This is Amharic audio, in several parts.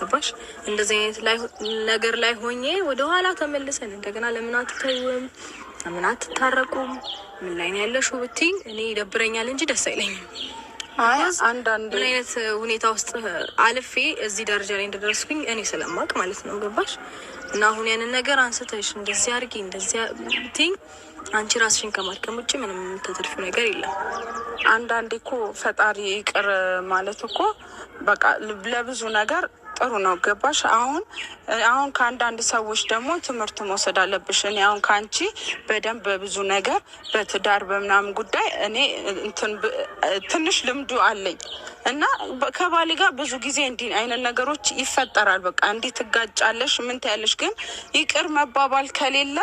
ገባሽ? እንደዚህ አይነት ነገር ላይ ሆኜ ወደኋላ ተመልሰን እንደገና ለምን አትተውም፣ ለምን አትታረቁም፣ ምን ላይ ነው ያለሽ ብትይኝ እኔ ይደብረኛል እንጂ ደስ አይለኝም። አንዳንድ ምን አይነት ሁኔታ ውስጥ አልፌ እዚህ ደረጃ ላይ እንደደረስኩኝ እኔ ስለማቅ ማለት ነው ገባሽ? እና አሁን ያንን ነገር አንስተሽ እንደዚህ አድርጊ እንደዚህ ብትይኝ አንቺ ራስሽን ከማድከም ውጭ ምንም የምታተርፊ ነገር የለም። አንዳንዴ እኮ ፈጣሪ ይቅር ማለት እኮ በቃ ለብዙ ነገር ጥሩ ነው። ገባሽ? አሁን አሁን ከአንዳንድ ሰዎች ደግሞ ትምህርት መውሰድ አለብሽ። እኔ አሁን ከአንቺ በደንብ በብዙ ነገር በትዳር በምናምን ጉዳይ እኔ ትንሽ ልምዱ አለኝ እና ከባሌ ጋር ብዙ ጊዜ እንዲህ አይነት ነገሮች ይፈጠራል። በቃ እንዲህ ትጋጫለሽ፣ ምን ትያለሽ። ግን ይቅር መባባል ከሌለ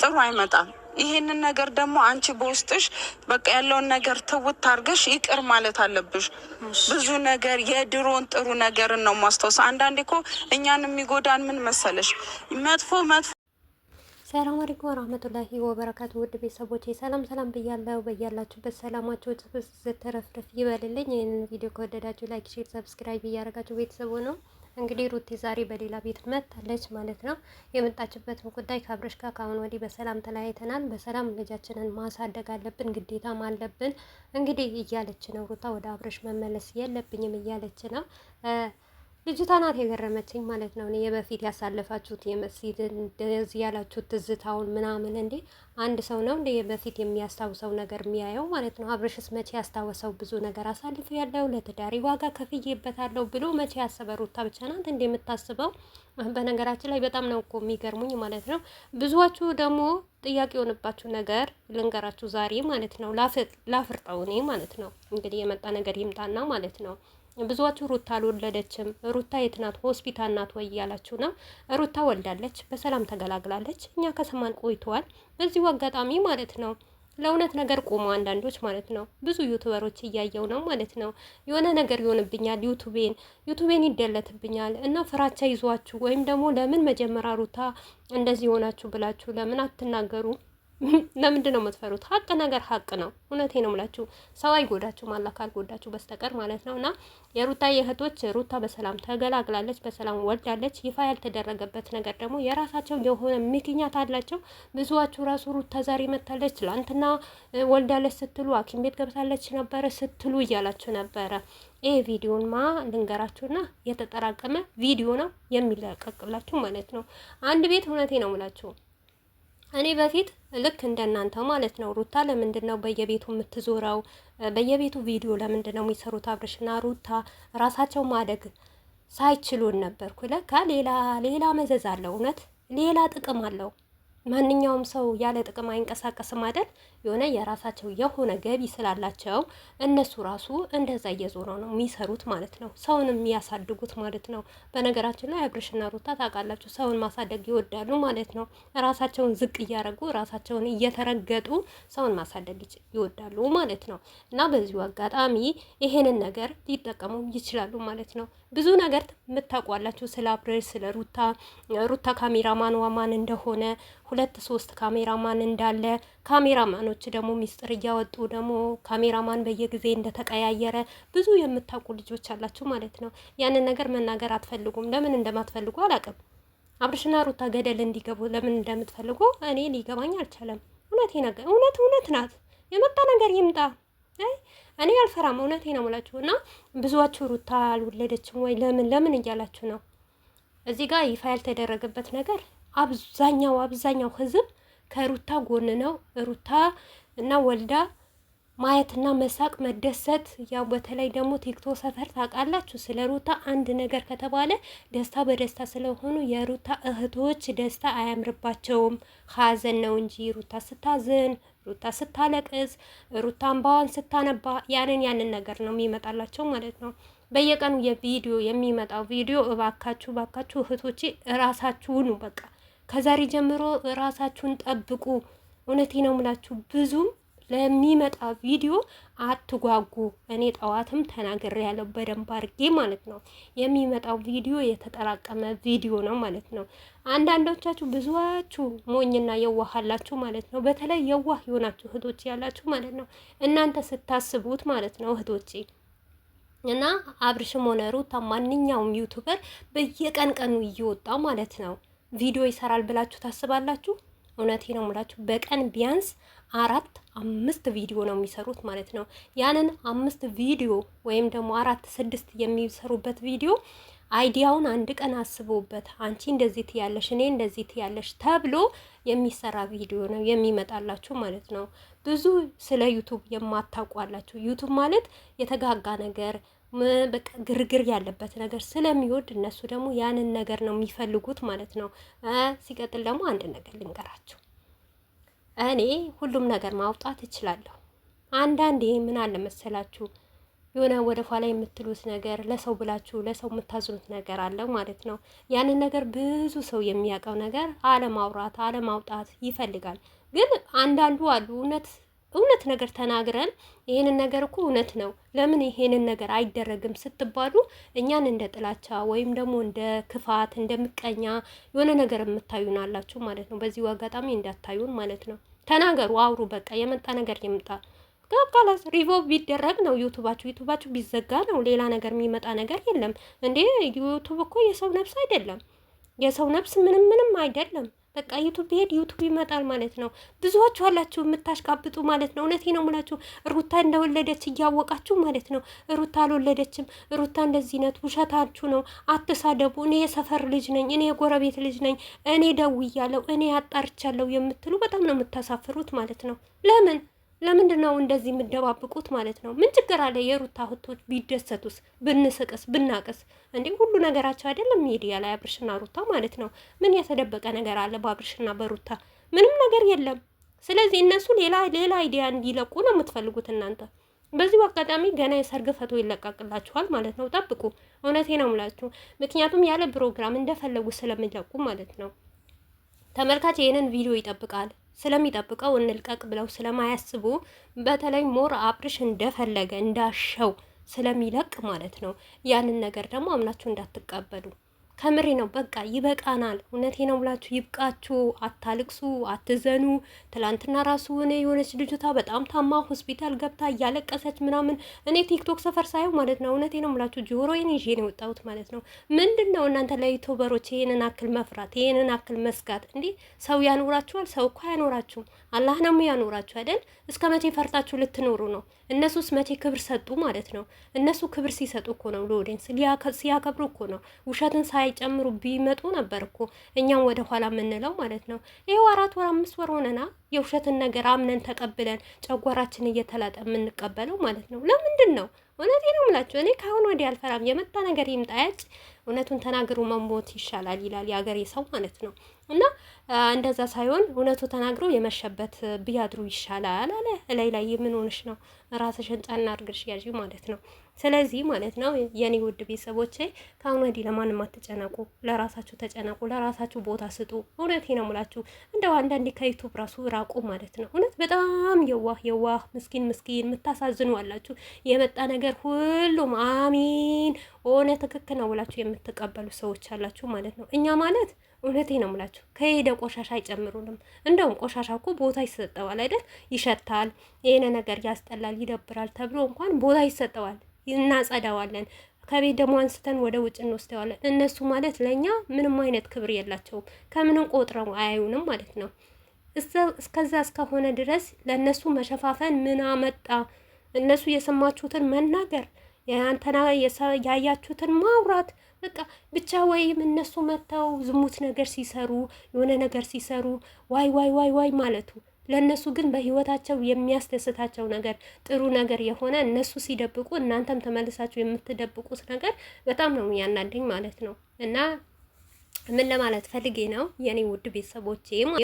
ጥሩ አይመጣም። ይሄንን ነገር ደግሞ አንቺ በውስጥሽ በቃ ያለውን ነገር ትውት ታርገሽ ይቅር ማለት አለብሽ። ብዙ ነገር የድሮን ጥሩ ነገርን ነው ማስታወስ። አንዳንዴ ኮ እኛን የሚጎዳን ምን መሰለሽ መጥፎ መጥፎ ሰላም አለይኩም ወራህመቱላሂ ወበረካቱ። ውድ ቤተሰቦች ሰላም ሰላም ብያለሁ። በያላችሁበት ሰላማችሁ ተረፍረፍ ይበልልኝ። ይህንን ቪዲዮ ከወደዳችሁ ላይክ፣ ሼር፣ ሰብስክራይብ እያደረጋችሁ ቤተሰቡ ነው እንግዲህ ሩቴ ዛሬ በሌላ ቤት መታለች ማለት ነው። የመጣችበትም ጉዳይ ከአብረሽ ጋር ከአሁን ወዲህ በሰላም ተለያይተናል፣ በሰላም ልጃችንን ማሳደግ አለብን፣ ግዴታም አለብን እንግዲህ እያለች ነው። ሩታ ወደ አብረሽ መመለስ የለብኝም እያለች ነው። ልጅቷ ናት የገረመችኝ ማለት ነው። እኔ የበፊት ያሳለፋችሁት የመስጊድ እንደዚህ ያላችሁት ትዝታውን ምናምን እንዴ አንድ ሰው ነው እንደ የበፊት የሚያስታውሰው ነገር የሚያየው ማለት ነው። አብረሽስ መቼ ያስታወሰው? ብዙ ነገር አሳልፍ ያለው ለትዳሪ ዋጋ ከፍዬበታለሁ ብሎ መቼ ያሰበ? ሩታ ብቻ ናት የምታስበው። በነገራችን ላይ በጣም ነው እኮ የሚገርሙኝ ማለት ነው። ብዙዎቹ ደግሞ ጥያቄ የሆነባችሁ ነገር ልንገራችሁ ዛሬ ማለት ነው። ላፍርጠው እኔ ማለት ነው። እንግዲህ የመጣ ነገር ይምጣና ማለት ነው ብዙዎቹ ሩታ አልወለደችም፣ ሩታ የት ናት ሆስፒታል ናት ወይ እያላችሁ ነው። ሩታ ወልዳለች፣ በሰላም ተገላግላለች። እኛ ከሰማን ቆይተዋል። በዚሁ አጋጣሚ ማለት ነው ለእውነት ነገር ቆሞ አንዳንዶች ማለት ነው። ብዙ ዩቱበሮች እያየው ነው ማለት ነው። የሆነ ነገር ይሆንብኛል፣ ዩቱቤን ዩቱቤን ይደለትብኛል እና ፍራቻ ይዟችሁ ወይም ደግሞ ለምን መጀመሪያ ሩታ እንደዚህ ሆናችሁ ብላችሁ ለምን አትናገሩ? ለምንድን ነው የምትፈሩት? ሀቅ ነገር ሀቅ ነው። እውነቴ ነው የምላችሁ ሰው አይጎዳችሁም፣ አላህ ካልጎዳችሁ በስተቀር ማለት ነው። እና የሩታ እህቶች ሩታ በሰላም ተገላግላለች፣ በሰላም ወልዳለች። ይፋ ያልተደረገበት ነገር ደግሞ የራሳቸው የሆነ ምክንያት አላቸው። ብዙዎቹ ራሱ ሩታ ዛሬ መታለች፣ ትላንትና ወልዳለች ስትሉ ሐኪም ቤት ገብታለች ነበረ ስትሉ እያላችሁ ነበረ። ይህ ማ ልንገራችሁና የተጠራቀመ ቪዲዮ ነው የሚለቀቅላችሁ ማለት ነው። አንድ ቤት እውነቴ ነው ምላችሁ እኔ በፊት ልክ እንደናንተ ማለት ነው ሩታ ለምንድን ነው በየቤቱ የምትዞረው? በየቤቱ ቪዲዮ ለምንድን ነው የሚሰሩት? አብርሽና ሩታ ራሳቸው ማደግ ሳይችሉን ነበርኩ። ለካ ሌላ ሌላ መዘዝ አለው፣ እውነት ሌላ ጥቅም አለው። ማንኛውም ሰው ያለ ጥቅም አይንቀሳቀስም አይደል? የሆነ የራሳቸው የሆነ ገቢ ስላላቸው እነሱ ራሱ እንደዛ እየዞረ ነው የሚሰሩት ማለት ነው። ሰውን የሚያሳድጉት ማለት ነው። በነገራችን ላይ አብርሽና ሩታ ታውቃላችሁ፣ ሰውን ማሳደግ ይወዳሉ ማለት ነው። ራሳቸውን ዝቅ እያደረጉ ራሳቸውን እየተረገጡ ሰውን ማሳደግ ይወዳሉ ማለት ነው። እና በዚሁ አጋጣሚ ይሄንን ነገር ሊጠቀሙ ይችላሉ ማለት ነው። ብዙ ነገር የምታውቋላችሁ ስለ አብርሽ፣ ስለ ሩታ ሩታ ካሜራማን ዋማን እንደሆነ ሁለት ሶስት ካሜራማን እንዳለ ካሜራማኖች ልጆች ደግሞ ሚስጥር እያወጡ ደግሞ ካሜራማን በየጊዜ እንደተቀያየረ ብዙ የምታውቁ ልጆች አላችሁ ማለት ነው። ያንን ነገር መናገር አትፈልጉም። ለምን እንደማትፈልጉ አላውቅም። አብርሽና ሩታ ገደል እንዲገቡ ለምን እንደምትፈልጉ እኔ ሊገባኝ አልቻለም። እውነቴ ነገ እውነት እውነት ናት። የመጣ ነገር ይምጣ። እኔ አልፈራም። እውነቴ ነው የምላችሁ እና ብዙዋችሁ ሩታ አልወለደችም ወይ ለምን ለምን እያላችሁ ነው። እዚህ ጋር ይፋ ያልተደረገበት ነገር አብዛኛው አብዛኛው ህዝብ ከሩታ ጎን ነው። ሩታ እና ወልዳ ማየትና መሳቅ መደሰት። ያው በተለይ ደግሞ ቲክቶ ሰፈር ታውቃላችሁ፣ ስለ ሩታ አንድ ነገር ከተባለ ደስታ በደስታ ስለሆኑ የሩታ እህቶች ደስታ አያምርባቸውም። ሀዘን ነው እንጂ ሩታ ስታዝን፣ ሩታ ስታለቅስ፣ ሩታ እንባዋን ስታነባ ያንን ያንን ነገር ነው የሚመጣላቸው ማለት ነው። በየቀኑ የቪዲዮ የሚመጣው ቪዲዮ እባካችሁ እባካችሁ እህቶቼ እራሳችሁ ሁኑ በቃ ከዛሬ ጀምሮ ራሳችሁን ጠብቁ። እውነቴ ነው ምላችሁ ብዙ ለሚመጣ ቪዲዮ አትጓጉ። እኔ ጠዋትም ተናገር ያለው በደንብ አድርጌ ማለት ነው። የሚመጣው ቪዲዮ የተጠራቀመ ቪዲዮ ነው ማለት ነው። አንዳንዶቻችሁ ብዙዋችሁ ሞኝና የዋህ አላችሁ ማለት ነው። በተለይ የዋህ የሆናችሁ እህቶች ያላችሁ ማለት ነው። እናንተ ስታስቡት ማለት ነው እህቶቼ እና አብርሽም ሆነ ሩታ ማንኛውም ዩቱበር በየቀን ቀኑ እየወጣ ማለት ነው ቪዲዮ ይሰራል ብላችሁ ታስባላችሁ? እውነቴ ነው የምላችሁ በቀን ቢያንስ አራት አምስት ቪዲዮ ነው የሚሰሩት ማለት ነው። ያንን አምስት ቪዲዮ ወይም ደግሞ አራት ስድስት የሚሰሩበት ቪዲዮ አይዲያውን አንድ ቀን አስቦበት አንቺ እንደዚህ ትያለሽ፣ እኔ እንደዚህ ትያለሽ ተብሎ የሚሰራ ቪዲዮ ነው የሚመጣላችሁ ማለት ነው። ብዙ ስለ ዩቱብ የማታውቋላችሁ ዩቱብ ማለት የተጋጋ ነገር በቃ ግርግር ያለበት ነገር ስለሚወድ እነሱ ደግሞ ያንን ነገር ነው የሚፈልጉት ማለት ነው። ሲቀጥል ደግሞ አንድ ነገር ልንገራቸው፣ እኔ ሁሉም ነገር ማውጣት እችላለሁ። አንዳንዴ ምን አለ መሰላችሁ የሆነ ወደ ኋላ የምትሉት ነገር ለሰው ብላችሁ ለሰው የምታዝኑት ነገር አለ ማለት ነው። ያንን ነገር ብዙ ሰው የሚያውቀው ነገር አለማውራት አለማውጣት ይፈልጋል። ግን አንዳንዱ አሉ እውነት እውነት ነገር ተናግረን ይህንን ነገር እኮ እውነት ነው፣ ለምን ይሄንን ነገር አይደረግም ስትባሉ እኛን እንደ ጥላቻ ወይም ደግሞ እንደ ክፋት እንደ ምቀኛ የሆነ ነገር የምታዩን አላችሁ ማለት ነው። በዚሁ አጋጣሚ እንዳታዩን ማለት ነው። ተናገሩ፣ አውሩ። በቃ የመጣ ነገር ይምጣ። ካላስ ሪቮቭ ቢደረግ ነው ዩቱባችሁ፣ ዩቱባችሁ ቢዘጋ ነው። ሌላ ነገር የሚመጣ ነገር የለም እንዴ። ዩቱብ እኮ የሰው ነፍስ አይደለም፣ የሰው ነፍስ ምንም ምንም አይደለም። በቃ ዩቱብ ቢሄድ ዩቱብ ይመጣል ማለት ነው። ብዙዎቹ አላችሁ የምታሽቃብጡ ማለት ነው። እውነቴ ነው የምላችሁ ሩታ እንደወለደች እያወቃችሁ ማለት ነው። ሩታ አልወለደችም፣ ሩታ እንደዚህ ነት፣ ውሸታችሁ ነው። አትሳደቡ። እኔ የሰፈር ልጅ ነኝ፣ እኔ የጎረቤት ልጅ ነኝ፣ እኔ ደውያለሁ፣ እኔ ያጣርቻለሁ የምትሉ በጣም ነው የምታሳፍሩት ማለት ነው። ለምን ለምንድን ነው እንደዚህ የምደባብቁት ማለት ነው? ምን ችግር አለ? የሩታ እህቶች ቢደሰቱስ፣ ብንስቅስ፣ ብናቅስ እንዲህ ሁሉ ነገራቸው አይደለም ሚዲያ ላይ አብርሽና ሩታ ማለት ነው። ምን የተደበቀ ነገር አለ በአብርሽና በሩታ? ምንም ነገር የለም። ስለዚህ እነሱ ሌላ ሌላ አይዲያ እንዲለቁ ነው የምትፈልጉት እናንተ። በዚሁ አጋጣሚ ገና የሰርግ ፈቶ ይለቃቅላችኋል ማለት ነው። ጠብቁ። እውነቴ ነው ምላችሁ ምክንያቱም ያለ ፕሮግራም እንደፈለጉ ስለሚለቁ ማለት ነው። ተመልካች ይህንን ቪዲዮ ይጠብቃል። ስለሚጠብቀው እንልቀቅ ብለው ስለማያስቡ በተለይ ሞር አብርሽ እንደፈለገ እንዳሸው ስለሚለቅ ማለት ነው። ያንን ነገር ደግሞ አምናችሁ እንዳትቀበሉ ከምሬ ነው። በቃ ይበቃናል። እውነቴ ነው ብላችሁ ይብቃችሁ። አታልቅሱ፣ አትዘኑ። ትላንትና ራሱ እኔ የሆነች ልጅቷ በጣም ታማ ሆስፒታል ገብታ እያለቀሰች ምናምን እኔ ቲክቶክ ሰፈር ሳየው ማለት ነው እውነቴ ነው ብላችሁ ጆሮዬን ይዤ ነው የወጣሁት ማለት ነው። ምንድን ነው እናንተ ለዩቱበሮች ይህንን አክል መፍራት፣ ይህንን አክል መስጋት? እንዲህ ሰው ያኖራችኋል? ሰው እኮ አያኖራችሁም። አላህ ነው ያኖራችሁ አይደል? እስከ መቼ ፈርታችሁ ልትኖሩ ነው? እነሱስ መቼ ክብር ሰጡ ማለት ነው? እነሱ ክብር ሲሰጡ እኮ ነው ለኦዲየንስ ሲያከብሩ እኮ ነው ውሸትን ሳ ሳይጨምሩ ቢመጡ ነበር እኮ እኛም ወደ ኋላ የምንለው ማለት ነው። ይኸው አራት ወር አምስት ወር ሆነና የውሸትን ነገር አምነን ተቀብለን ጨጓራችን እየተላጠ የምንቀበለው ማለት ነው። ለምንድን ነው? እውነቴ ነው የምላቸው። እኔ ካሁን ወዲህ አልፈራም። የመጣ ነገር ይምጣ ያጭ እውነቱን ተናግሮ መሞት ይሻላል ይላል የአገሬ ሰው ማለት ነው። እና እንደዛ ሳይሆን እውነቱ ተናግሮ የመሸበት ቢያድሩ ይሻላል አለ። እላይ ላይ የምን ሆንሽ ነው? ራስሽን ጫና አድርግሽ ያዥ ማለት ነው። ስለዚህ ማለት ነው የኔ ውድ ቤተሰቦቼ ከአሁን ወዲህ ለማንም አትጨነቁ፣ ለራሳችሁ ተጨነቁ፣ ለራሳችሁ ቦታ ስጡ። እውነት ነው ሙላችሁ እንደው አንዳንዴ ከዩቱብ ራሱ ራቁ ማለት ነው። እውነት በጣም የዋህ የዋህ ምስኪን ምስኪን የምታሳዝኑ አላችሁ። የመጣ ነገር ሁሉም አሚን ሆነ ትክክል ነው ብላችሁ የምትቀበሉ ሰዎች አላችሁ ማለት ነው። እኛ ማለት እውነቴ ነው የምላችሁ። ከሄደ ቆሻሻ አይጨምሩንም። እንደውም ቆሻሻ እኮ ቦታ ይሰጠዋል አይደል? ይሸታል፣ ይሄን ነገር ያስጠላል፣ ይደብራል ተብሎ እንኳን ቦታ ይሰጠዋል፣ እናጸዳዋለን። ከቤት ደግሞ አንስተን ወደ ውጭ እንወስደዋለን። እነሱ ማለት ለእኛ ምንም አይነት ክብር የላቸውም። ከምንም ቆጥረው አያዩንም ማለት ነው። እስከዛ እስከሆነ ድረስ ለእነሱ መሸፋፈን ምን አመጣ? እነሱ የሰማችሁትን መናገር አንተና ያያችሁትን ማውራት በቃ ብቻ ወይም እነሱ መጥተው ዝሙት ነገር ሲሰሩ የሆነ ነገር ሲሰሩ ዋይ ዋይ ዋይ ዋይ ማለቱ ለእነሱ ግን በህይወታቸው የሚያስደስታቸው ነገር ጥሩ ነገር የሆነ እነሱ ሲደብቁ እናንተም ተመልሳችሁ የምትደብቁት ነገር በጣም ነው ያናደኝ ማለት ነው። እና ምን ለማለት ፈልጌ ነው የኔ ውድ ቤተሰቦቼ